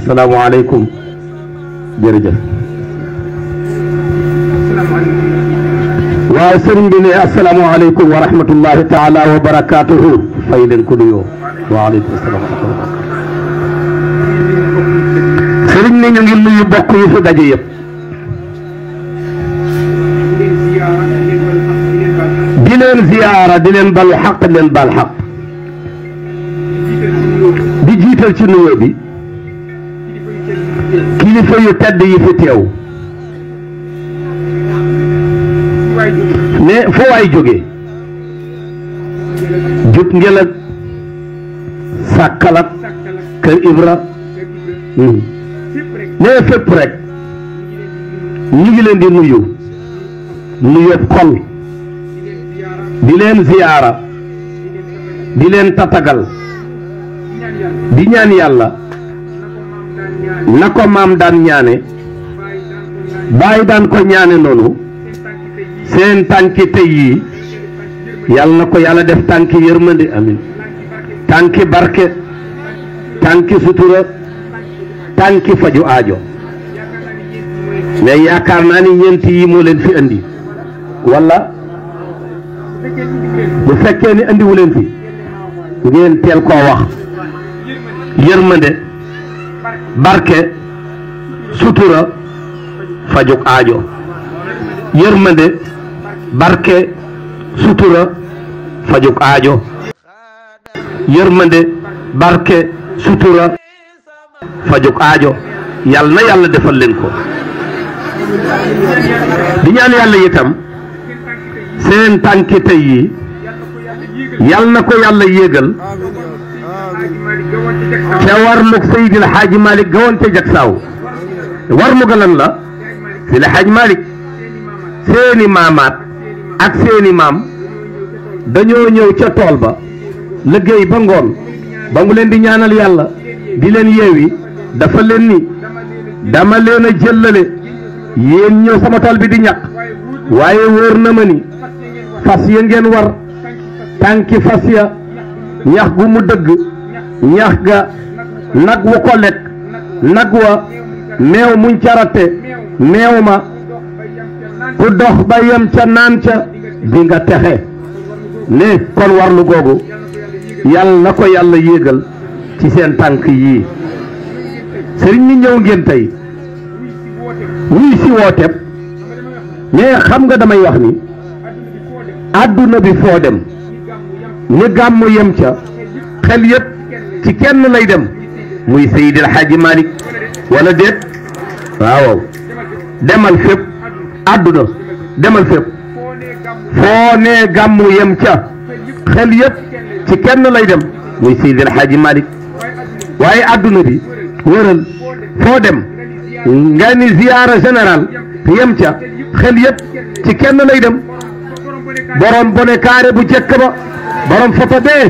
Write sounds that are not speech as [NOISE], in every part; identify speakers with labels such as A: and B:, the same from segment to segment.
A: asalaamaaleykum jërëjëf waaw sëriñ bi ne asalaamaaleykum wa rahmatullahi taala wa barakaatuhu fay leen ko nuyoo waaleykum salaam wa rahmatulah sëriñ ne ñu ngi nuyu bokk yu fi daje yëpp di leen ziyaara di leen bal xaq leen bal xaq di jiital ci nuyoo bi tedd yi fi teew ne foo waay jóge jub ngel ak kër Ibra hmm. ne fépp rek ñu ngi leen di nuyu nuyet xol di leen ziyaara di leen tatagal di ñaan yàlla na ko maam daan ñaane bàyyi daan ko ñaane noonu seen tànki tey yii yàlla na ko yàlla def tànki yërmande amin tànki barke tànki sutura tànki faju aajo mais yaakaar naa ni ñeenti yi moo leen fi indi walla bu fekkee ni andiwu leen fi ngeen teel koo wax yërmande barke sutura fajug aajo yërmande barke sutura fajug aajo yërmande barke sutura fajug aajo yàlla na yàlla defal leen ko di ñaan yàlla itam seen tànki tey yi yàlla na ko yàlla yéegal te war mu Seydil Xaaji Malick gawoon ca Jaksaaw war mu galan la Seydil Xaaji Malick seeni maamaat ak seeni maam dañoo ñëw ca tool ba liggéey ba ngoon ba mu leen di ñaanal yàlla di leen yeewi dafa leen ni dama leen a jëllale yéen ñëw sama tool bi di ñàkk waaye wóor na ma ni fas ya ngeen war tànki fas ya ñax gu mu dëgg ñax ga nag wu ko lekk nag wa meew mu carate ratte meew ma ku dox ba yem ca naan ca di nga texe ne kon warlu googu yàlla na ko yàlla yéegal ci seen tànk yii sëriñ ni ñëw ngeen tey wuy si wooteeb mais xam nga damay wax ni àdduna bi foo dem ni gàmmu yem ca xel yépp ci kenn lay dem muy Seydil Hadji Malick wala déet waaw demal fépp àdduna demal fépp foo nee gàmmu yem ca xel yëpp ci kenn lay dem muy Seydil Hadji Malick waaye àdduna bi wëral foo dem nga ni ziyaara général yem ca xel yëpp ci kenn lay dem borom bone kaare bu jëkk ba borom foto bee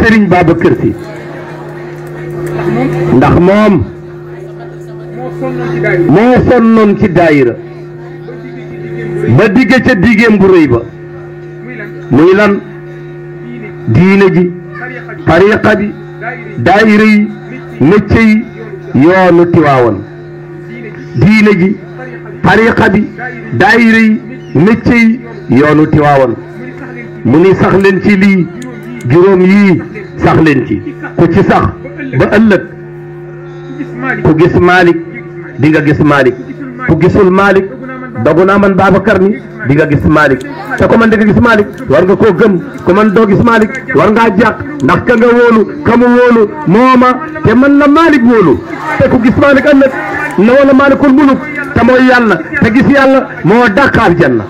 A: Serigne Babacar Sy ndax moom moo sonnoon ci daayira ba digge ca diggeem bu rëy ba muy lan diine ji tariqa bi daayira yi mécce yi yoonu tiwaawoon diine ji tariqa bi daayira yi mécce yi yoonu tiwaawoon mu ni sax ci lii juróom yii sax leen ci ku ci sax ba ëllëg ku gis Malick di nga gis Malick ku gisul Malick dogu naa man Babacar ni di nga gis Malick te ko man di gis Malick war nga koo gëm ko man doo gis Malick war ngaa jàq ndax ka nga wóolu mooma te man la Malick wóolu te ku gis Malick ëllëg na wala Malikul muluk te mooy yàlla te gis yàlla moo dàqaal janna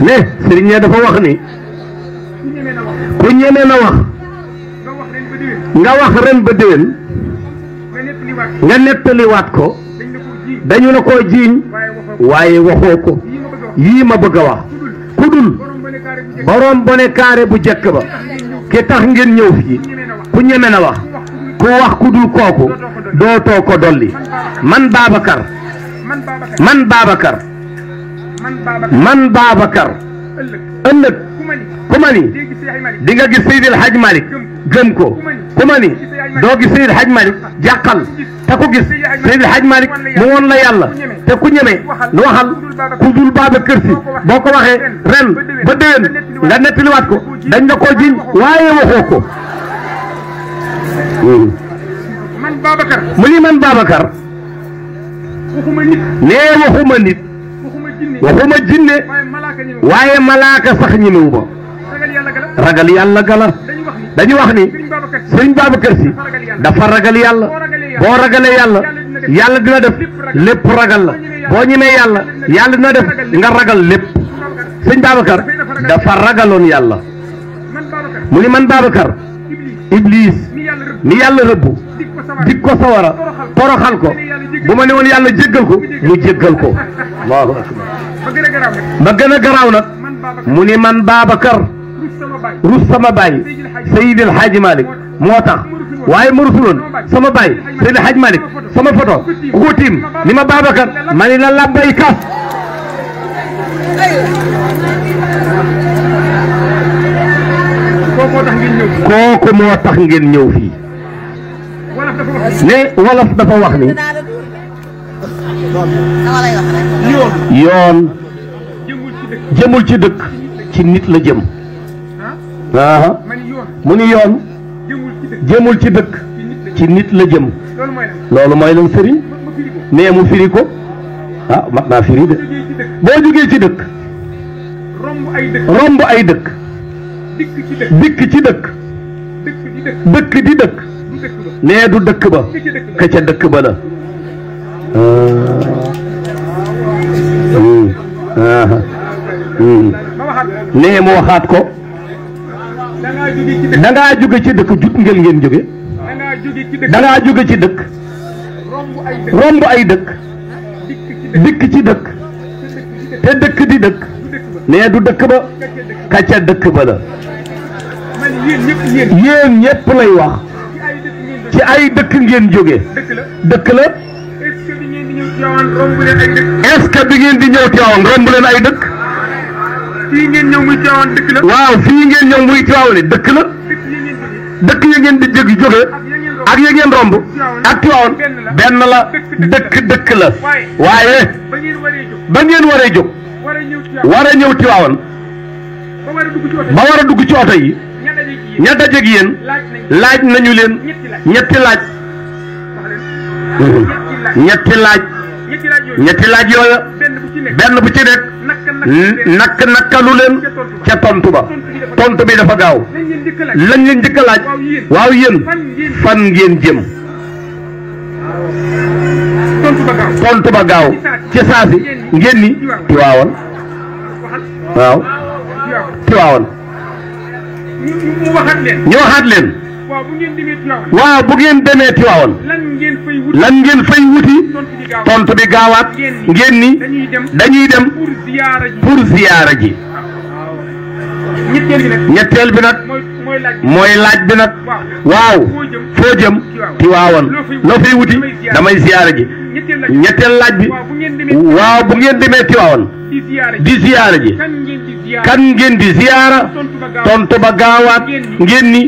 A: ne sëriñ ne dafa wax ni ku ñemee na wax nga wax ren ba déwén nga nettaliwaat ko dañu la koo jiiñ waaye waxoo ko yii ma bëgg a wax ku dul borom bone kaare bu jëkk ba ki tax ngeen ñëw fii ku ñeme na wax ku wax ku dul kooku dootoo ko dolli man Babacar man Babacar man Babacar ëllëg ku ma ni di nga gis Seydil Hadj Malick gëm ko ku ma ni doo gis Seydil Hadj Malick jàqal te ku gis Seydil Hadj Malick mu woon la yàlla te ku ñeme lu waxal ku dul Babacar si boo ko waxee ren ba déwén nga nettaliwaat ko dañ nga koo jiñ waaye waxoo ko mu ni man Babacar nee waxuma nit waxuma jinne waaye malaaka sax ñemewu ma ragal yàlla gala dañu wax ni sëñ Babacar Si dafa ragal yàlla boo ragalee yàlla yàlla dina def lépp ragal la boo ñemee yàlla yàlla dina def nga ragal lépp sëñ Babacar dafa ragaloon yàlla mu ni man Babacar Iblis. ni yàlla rëbbu dik ko sawara toroxal ko bu ma ne woon yàlla jéggal ko mu jéggal ko allahu akbar ba gën a garaaw nag mu ni man Babacar rus sama baay Seydi El Hadji moo tax waaye ma rusuloon sama baay Seydi El Hadji Malick sama photo ku ko ni ma Babacar ma ni la labbayka kooku moo ngeen ñëw fii ne wolof dafa wax ni yoon jëmul ci dëkk ci nit la jëm aa ah. mu ni yoon jëmul ci dëkk ci nit la jëm loolu mooy lan sëriñ nee mu firi ko ah mat naa firi boo jógee ci dëkk romb ay dëkk dikk ci dëkk dëkk di dëkk nee du dëkk ba ka ca dëkk ba la nee mu waxaat ko danga ngaa jóge ci dëkk jut ngeen ngeen jóge da jóge ci dëkk romb ay dëkk dikk ci dëkk te dëkk di dëkk nee du dëkk ba ka ca dëkk ba la yéen ñëpp lay wax ci ay dëkk ngeen jóge dëkk la est-ce que bi ngeen di ñëw Tiwaawan romb leen ay dëkk fii ngeen ñëw muy Tiwaawan dëkk la waaw fii ngeen ñëw muy Tiwaawan dëkk la dëkk ya ngeen di jóge ak ya ngeen romb ak Tiwaawan benn la dëkk dëkk la waaye ba ngeen waree jóg war a ñëw Tiwaawan ba war a dugg ci yi ña dajeeg yéen laaj nañu leen ñetti laaj ñetti laaj ñetti laaj yooya benn bu ci
B: nekk nakk nakkalu leen ca tontu ba
A: tontu bi dafa gaaw lañ leen njëkk a laaj waaw yéen fan ngeen jëm tontu ba gaaw ci saasi ngeen ni tiwaawan waaw tiwaawan ñu waxaat leen. leen. waaw bu ngeen demee Tiwaawoon. waaw bu ngeen lan ngeen fay wuti. lan ngeen fay tontu bi gaawaat. ngeen ni dañuy dem. pour ziyaara ji pour ziyaara ji. ñetteel bi nag. mooy laaj bi nag. waaw foo jëm. Tiwaawoon loo fay wuti damay ziyaara ji. ñetteel laaj bi waaw bu ngeen demee Tiwaawoon. di ziyaara ji. kan ngeen di ziyaara tontu ba gaawaat ngeen ni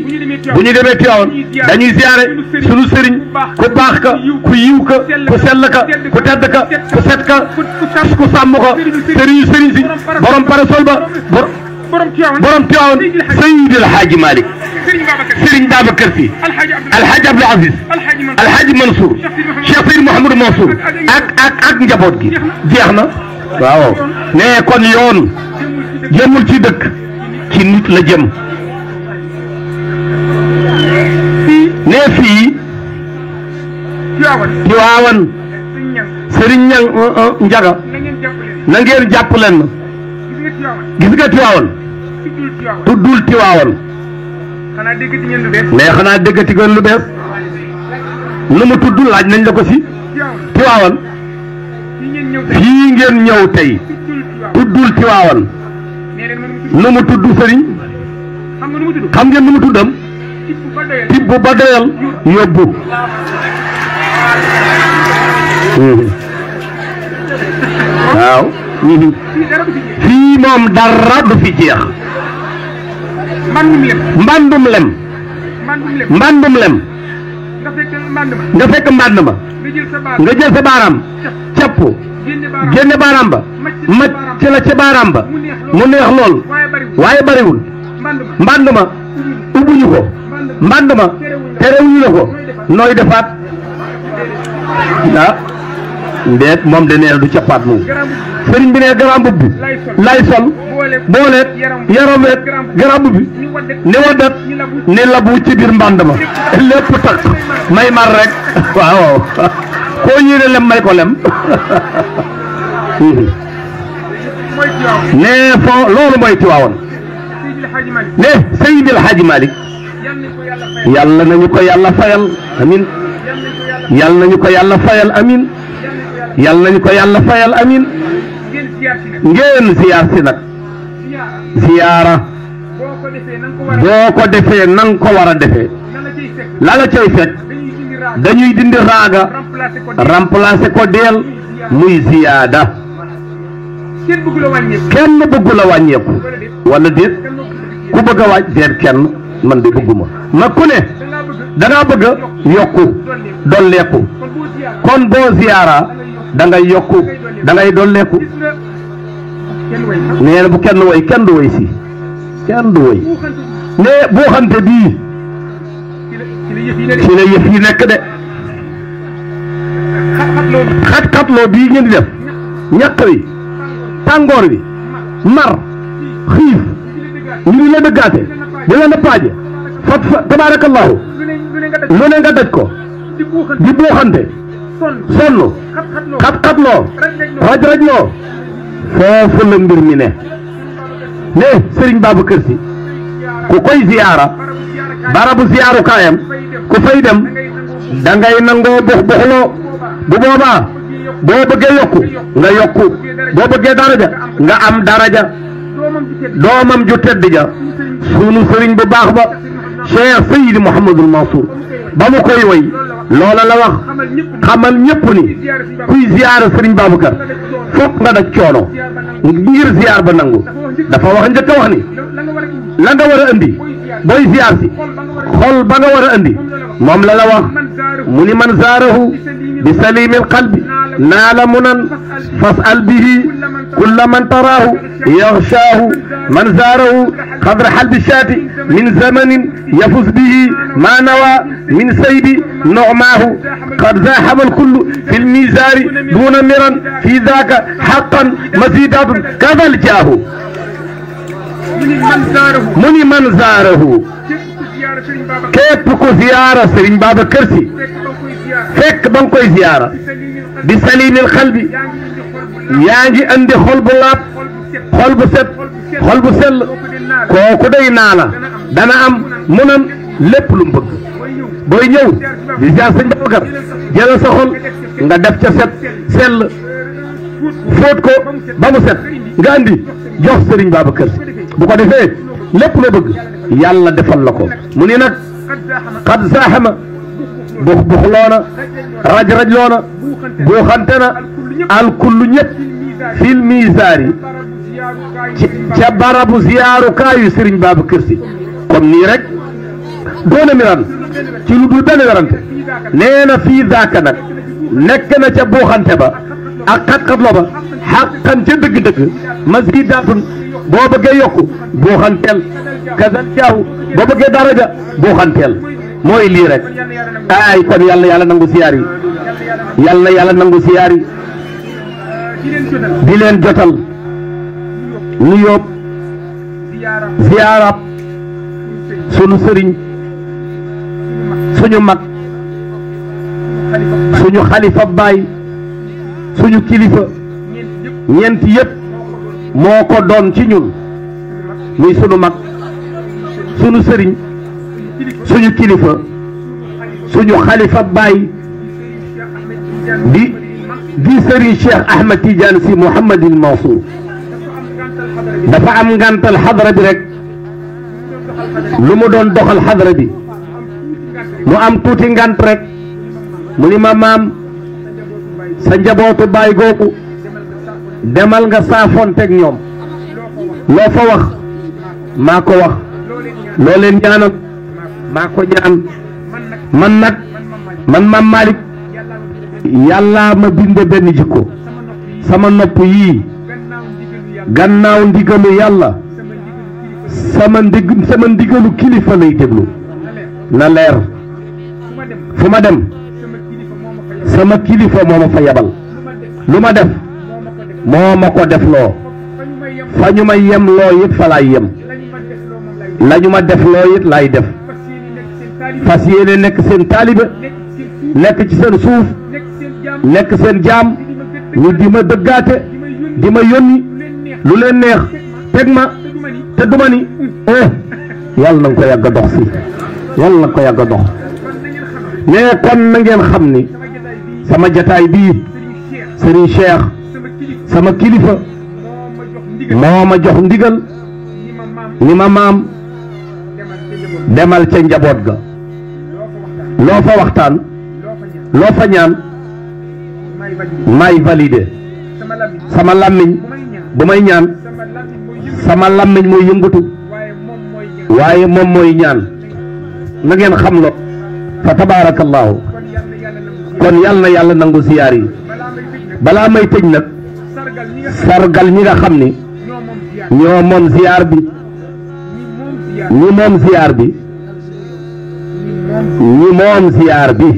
A: bu ñu demee Tiwaawan dañuy ziyare sunu sëriñ ku bax ka ku yiw ka ku sel ka ku tedd ka ku set ka ku sàmm ko sëriñu sëriñ si borom parasol ba borom Tiwaawan Seydil Hadji Malick Serigne Babacar Sy Alhaji Abdou Aziz Alhaji Mansour Cheikh Seydou Mouhamadou Mansour ak ak ak njaboot gi jeex na waaw ne kon yoonu jëmul ci dëkk ci nit la jëm ne fii Tiwaawan Sëriñ Ñang uh, uh, Njaga na ngeen jàpp leen gis nga Tiwaawan tuddul Tiwaawan mais xanaa déggati ngeen lu bees lu mu tudd laaj nañ la ko si Tiwaawan fii ngeen ñëw tey tuddul Tiwaawan nu mu tudd sëriñ xam ngeen nu mu tuddam tibb ba doyal yóbbu waaw fii moom dara du fi jeex mbandum lem mbandum lem nga fekk mband ma nga jël sa baaraam capp génne baaraam ba macc la ca baaraam ba mu neex lool waaye bariwul mbànd ma ubbuñu ko mbànd ma terewuñu la ko nooy defaat ndeet moom de nee du cappaat moom sëriñ bi ne garambu bi lay sol booleet yaram weet garambu bi ni waddat ni labu ci biir mbànd ma lépp tax may mar rek [LAUGHS] waaw waaw koo yéene lem may ko lem nee foo loolu mooy Tiwaawoon ne Seydil Hadji Malick yàlla nañu ko yàlla fayal amin yàlla nañu ko yàlla fayal amin yàlla nañu ko yàlla fayal amin ngeen ziyaar si nag ziyaara boo ko defee nan ko war a defee la la cay fekk dañuy dindi raaga remplacé ko deel muy ziyaada kenn bëggu la wàññeeku wala déet bëgg a wàññ kenn man de bëgguma ma ku ne dangaa bëgg a yokku dolleeku kon boo ziyaara dangay ngay yokku da ngay dolleeku nee bu kenn woy kenn du woy si kenn du woy ne boo xamte bii ci la yëf yi nekk de xat-xatloo bii ngeen di def ñàq wi tàngoor wi mar xiif ñu di la dëggaate di la nappaaje fat fa tabaarakallaahu lu ne nga daj ko di buuxante sonn xat-xatloo raj-rajloo foofu la mbir mi ne ne sëriñ Babacar Si ku koy ziyaara barabu ziyaaru ku fay dem da ngay nangoo box boxloo bu boobaa boo bëggee yokku nga yokku boo bëggee daraja nga am daraja doomam ju tedd ja sunu sëriñ bu baax ba cheikh sayidi mouhamadul mansour
B: ba mu koy woy loola la wax
A: xamal ñëpp kuy ziyaara sëriñ Babacar fokk nga daj coono ngir ziyaar ba nangu dafa wax njëkk a wax ni la nga war a booy ziar si xol ba nga war a andi moom la la wax mu ni man zaarahu bi salimin qalbi naala munan fasal bihi kulla man taraahu yaxshaahu man zaarahu xadra xalbi shaati min zamanin yafus bihi ma nawa min saydi نعماه قد زاحم الكل في الميزار دون مرا في ذاك حقا مزيدات كذا الجاه mu ni man zaarahu képp ku ziyaara Sëriñ Babacar Si fekk ba nga koy ziyaara bi salimil xalbi yaa ngi andi xol bu laab xol bu set xol bu day naa la dana am munam lépp lu mu bëgg booy ñëw di ziyaar Sëriñ Babacar jëlal xol nga def ca set sell fóot ko ba mu set nga andi jox Sëriñ Babacar Si bu ko defee lépp la bëgg yàlla defal la ko mu ni nag xad saaxama bux bux loona raj raj loona buuxante na alkullu ñëpp fil misaari ca barabu ziyaarukaayu Serigne Babacar Sy comme nii rek doona miran ci lu dul benn werante nee na fii daaka na ca buuxante ba ak xat-xat looba xaqan ca dëgg-dëgg masidaatun boo bëggee yokku boo xanteel kazal jaaw boo bëggee daraja boo xanteel mooy lii rek ay kon yàlla yàlla nangu siyaar yi yàlla yàlla nangu siyaar yi jotal nu yóob sunu sëriñ suñu mag suñu xalifa baay suñu kilifa ñeent yëpp moo ko doon ci ñun muy sunu mag sunu sëriñ suñu kilifa suñu xalifa baay di di sëriñ Cheikh Ahmed Tidiane si Mouhamadin Mansour dafa am ngàntal xadara bi rek lu mu doon doxal xadara bi mu am tuuti ngànt rek mu ni ma maam sa njabootu baay googu demal nga saafonteeg ñoom loo fa wax maa ko wax loo leen ñaanal maa ko ñaan man nag man maam Malick yàllaa ma binde benn jikko sama nopp yii gannaaw ndigalu yàlla sama ndig sama ndigalu kilifa lay déglu na leer fu ma dem sama kilifa moma fa yabal luma def moma ko def lo fa ñu yem lo yit fa lay yem la ma def lo yit lay def fasiyene nek sen seen nek ci sen souf nek sen jam ñu dima deggate dima yoni lu len neex tek ma te duma ni eh yàlla nang ko yàgg dox si yàlla nang ko yàgg dox ne kon na ngeen xamni sama jotaay bi serigne Cheikh sama kilifa moma jox ndigal ni ma demal ci njabot ga loo fa waxtaan loo fa ñaan may validé sama làmmiñ bu may ñaan sama làmmiñ moy yëngutu waye mom moy ñaan na ngeen xam lo fa tabarakallah kon yàlla na yàlla nangu siyaar yi balaa may tëj nag sargal ñi nga xam ni ñoo moom siyaar bi ñi moom siyaar bi ñi moom siyaar bi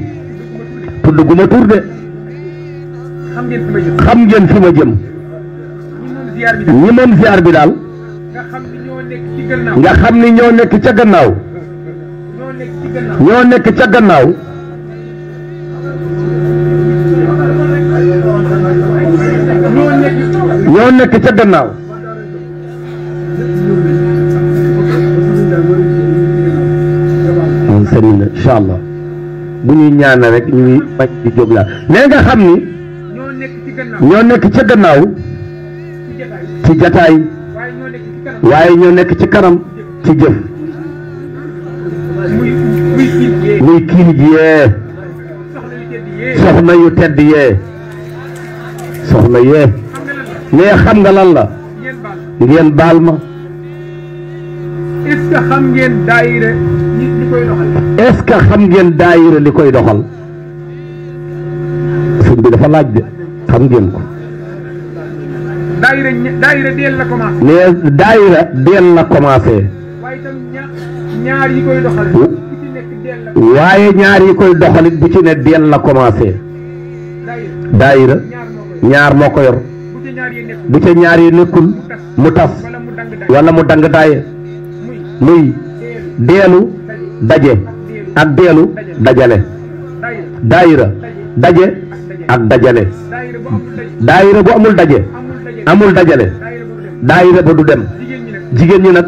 A: tudd guma tur de xam ngeen fi ma jëm ñi moom siyaar bi daal nga xam ni ñoo nekk ca gannaaw ñoo nekk ca gannaaw ñoo nekk ca gannaaw sëriñ la bu ñuy ñaana rek ñuy bañ di xam ni ñoo nekk ca gannaaw ci jataay waaye ñoo nekk ci kanam ci jëf muy kiin ji yee soxna yu tedd yee soxna yee mais xam nga lan la ngeen baal ma est-ce xam ngeen daayira li koy doxal est-ce xam ngeen bi dafa laaj de xam ngeen ko daayira daayira deel la hmm? commencé waaye ñaar yi koy ñaar yi koy doxalit bu ci ne deel la commencé daayira ñaar moo ko yor bu ca ñaar nekkul mu tas wala mu dang daaye muy deelu daje ak deelu dajale daayira daje ak dajale daayira bu amul daje amul dajale daayira ba du dem jigéen ñi nag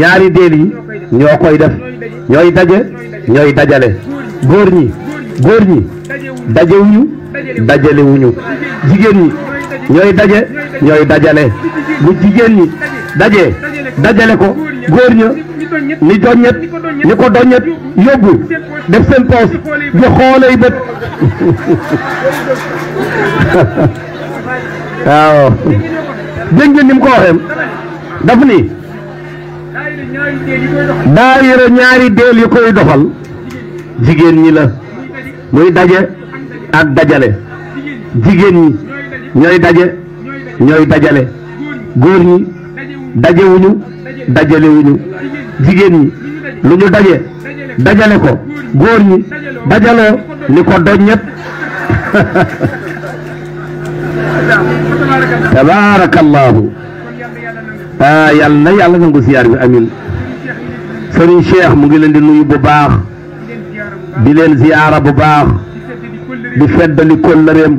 A: ñaari deel yi ñoo koy def ñooy daje ñooy dajale góor ñi góor ñi dajewuñu dajalewuñu jigéen ñi ñooy daje ñooy dajale bu jigéen ñi daje dajale ko góor ña ni doññet ni ko doññet yóbbu def seen poos di xoolay bët [LAUGHS] waaw dégg ngeen ni mu ko waxee daf ni
B: daayira ñaari
A: déel yi koy doxal jigéen ñi la muy daje ak dajale jigéen ñi ñooy daje ñooy dajale góor ñi dajewuñu dajalewuñu jigéen ñi lu ñu daje dajale ko góor ñi dajaloo li ko doñ ñëpp [LAUGHS] tabaarakallaahu ah yàlla na yàlla nangu siyaar bi amin sëriñ Cheikh mu ngi leen di nuyu bu baax di leen ziyaara bu baax di feddali kóllëreem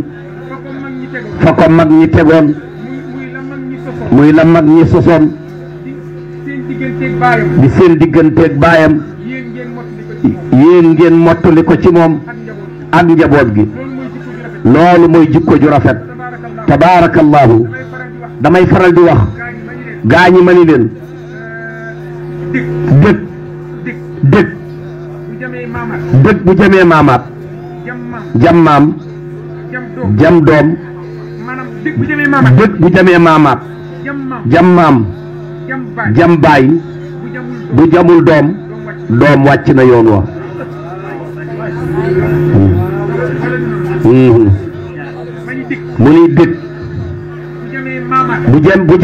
A: fa ko mag ñi tegoon muy la mag ñi sosoon di seen digganteeg baayam yéen ngeen mottali ko ci moom ak njaboot gi loolu mooy jikko ju rafet tabaarakallaahu damay faral di wax gaa ñi ma ni leen dëkk dëkk dëkk bu jëmee maamaat jam maam jam doom dëkk bu jamee maamaat jam maam jam baay bu jamul doom wàcc na yoon wa hmm. Hmm. mu ni dëkk bu jam bu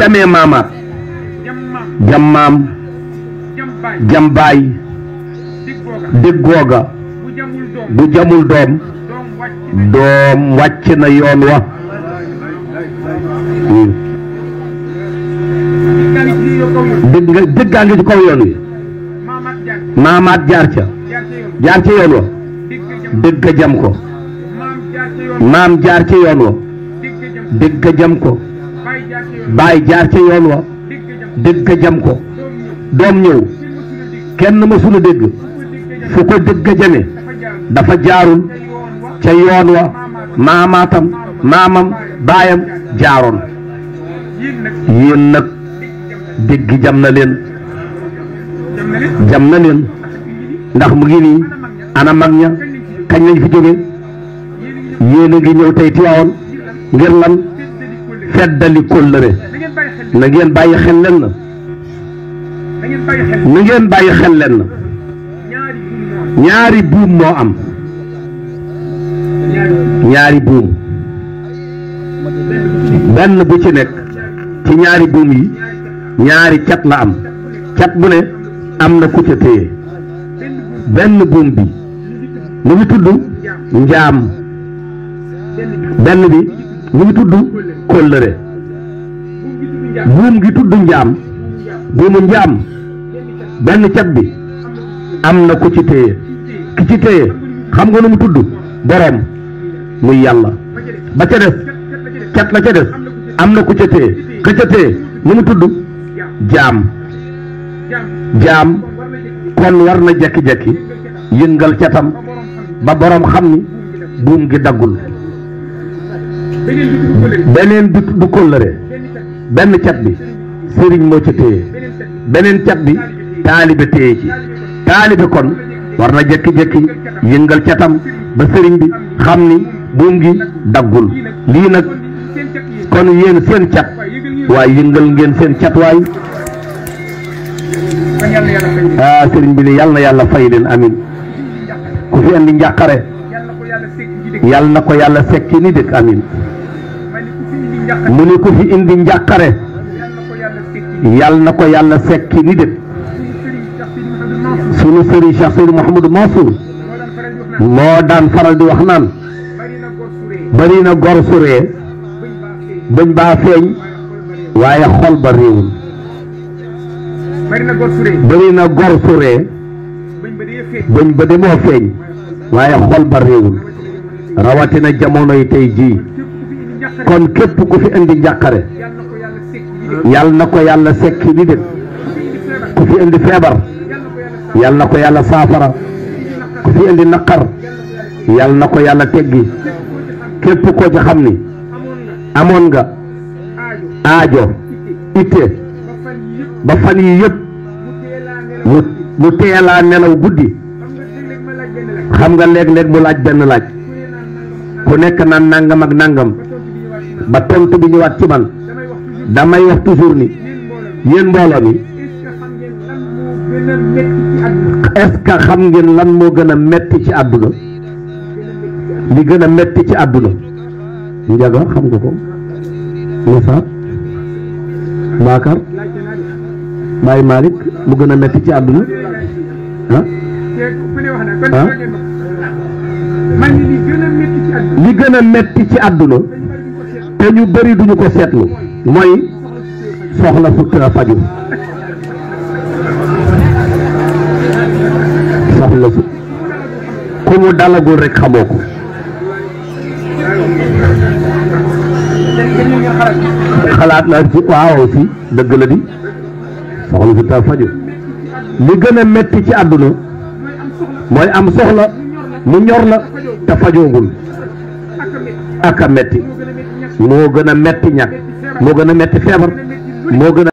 A: bu jamul doom doom wàcc na yoon wa nii dëgg nga dëggaa ngi ci kaw yoon wi maamaat jaar ca jaar ca yoon wa dëgg jam ko maam jaar ca yoon wa dëgg jam ko baay jaar ca jam ko doom ñëw kenn mësula dégg fu ko dëgg jame dafa jaarul ca yoon wa maamaatam maamam baayam jaaroon yéen nag dégg jam na leen jam na leen ndax mu ngi nii ana mag ña kañ lañ fi jóge yéen a ngi ñëw tey Tiwaawan ngir lan feddali kóllëre na ngeen bàyyi xel leen na bàyyi xel leen ñaari buum moo am ñaari buum benn bu ci nekk ci ñaari buum yi ñaari cat la am cat bu ne am na ku ca téye benn buum bi mu ngi tudd njaam benn bi mu ngi tudd kóllëre buum gi tudd njaam buumu njaam benn cat bi am na ku ci téye ki ci téye xam nga nu mu tudd boroom muy yàlla ba ca des cat la ca des am na ku ca téye xëccatee nu mu tudd jaam jaam kon war na jekki-jekki yëngal catam ba boroom xam ni buum gi daggul beneen du kóllëre benn cat bi sëriñ moo ci téye beneen cat bi taalibe téye ci taalibe kon war na jekki-jekki yëngal catam ba sëriñ bi xam ni buum gi daggul lii nag kon yéen seen cat waaye yëngal ngeen seen catwaay ah sëriñ bi ne yàlla na yàlla fay leen amin ku fi andi njàqare yàlla na ko yàlla sekki ni dëkk amin mu ne ku fi indi njàqare yàlla na ko yàlla sekki ni dëkk sunu sëriñ Cheikh Sëriñ Mouhamadou Mansour moo daan faral di wax naan bari na gor bañ baa feeñ waaye xol ba réewul bëri na gor bëñ ba de moo feeñ waaye xol ba réewul rawatina jamonoy tey jii kon képp ku fi indi njàqare yàlla na ko yàlla sekki di ku fi indi feebar yàlla na ko yàlla saafara ku fi indi naqar yàlla na ko yàlla teggi képp koo ci xam ni amoon nga aajo itte ba fan yi yëpp mu mu teelaa nelaw guddi xam nga léeg-léeg mu laaj benn laaj ku nekk naan nangam ak nangam ba tontu bi ñëwaat ci man damay wax toujours ni yéen mbooloo mi est-ce xam ngeen lan moo gën a metti ci àdduna li gën a metti ci àdduna njaga xam nga ko Bakar Baye Malick mu gën a metti ci àdduna ah li gën a metti ci àdduna te ñu bëri duñu ko seetlu mooy soxla fukk a faju soxla fukk ku dalagul rek xamoo ko xalaat naa ci waaw si dëgg la di soxla si tam faju li gën a metti ci àdduna mooy am soxla mu ñor la te fajoogul aka metti moo gën a metti ñàkk moo gën a metti feebar moo gën a